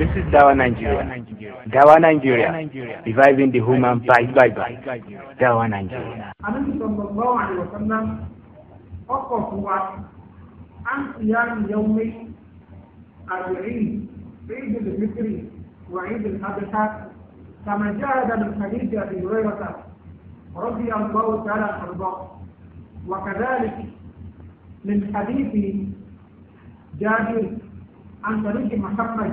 This is Dawa Nigeria. Dawa Nigeria. Reviving the human bite by bite. Dawa Nigeria. Ànábì sallallahu alaihi wa sallam ọkọ̀ fún wa á ń fi yá ní yọmí àgbẹ̀rìn عيد الفطر وعيد الأضحى كما جاء من حديث أبي هريرة رضي الله تعالى عنه وكذلك من حديث جابر عن طريق محمد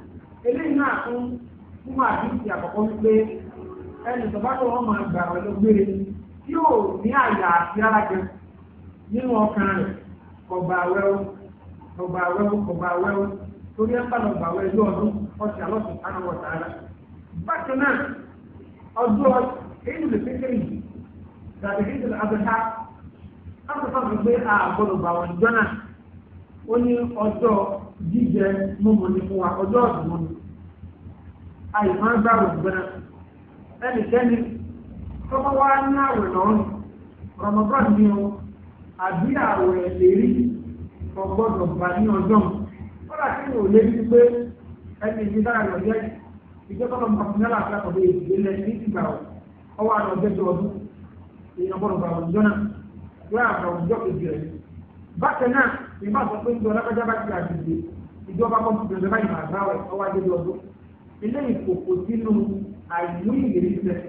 eléyìí náà fún fún àdìsí àkọ́kọ́ wípé ẹni tó bá tó wọ́n máa gbà wọ́n gbére yóò ní àyà àti alájẹ nínú ọkàn rẹ̀ ọgbà ọgbà ọgbà torí ẹ̀ ń bá lọ gbà ọdún ọtí tààrà. bákan náà ọdún lè pété yìí kéde àbẹ̀ká ó ní ọjọ́ jíjẹ mímu ní fún wa ọjọ́ ọ̀dùnmọ́ ni àìmọ́ gbàgbọ́ gbẹ́rẹ́ ẹnikẹ́ni tọ́kọ́ wá ní àwẹ̀ lọ́rùn Ramadan ni o àbí àwẹ̀ ọgbọ́dọ̀ ní ọjọ́ kọ́lá kí ni ò lé bí pé ẹni dára lọ jẹ́ àti àkọ́bẹ̀ ní ìgbà ọwọ́ ọdún èèyàn gbọ́dọ̀ náà kejì rẹ̀ bákan náà ìmọ̀ àtọ́pé ń gbọ́ lápájá bá ti àgbègbè ìjọba kọ́mpútà ìjọba ìmọ̀ àgbáwẹ̀ ọwọ́ ajé lọ́dún ilé ìkòkò sínú àìmú ìrírí rẹ̀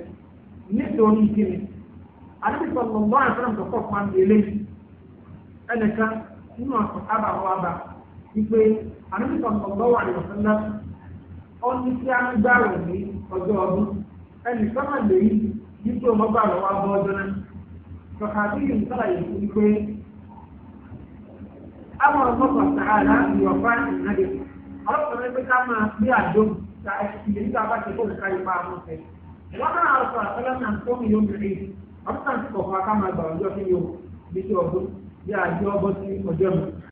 nítorí lọ́wọ́ àtàràn tó fún eléyìí ẹnìkan nínú wípé lọ́wọ́ á ń gbà rẹ̀ ní ọjọ́ ọdún ọmọ gbà lọ́wọ́ abọ́ ọjọ́ náà amọ̀ ọ̀gbọ́n sàárà ìwọ̀fà ìnáde ọlọ́pàá pé ká máa gbé àjò ta ìdílé tá a bá ti kó nǹkan ipa àwọn ọ̀fẹ́ wọn náà sọ àtọ́lá náà tó mi yóò mẹ́rin ọdún náà ti kọ̀ọ̀kan ká máa gbà ọjọ́ sí yóò bí ọjọ́ bí àjọ ọgbọ́n sí ọjọ́ mi.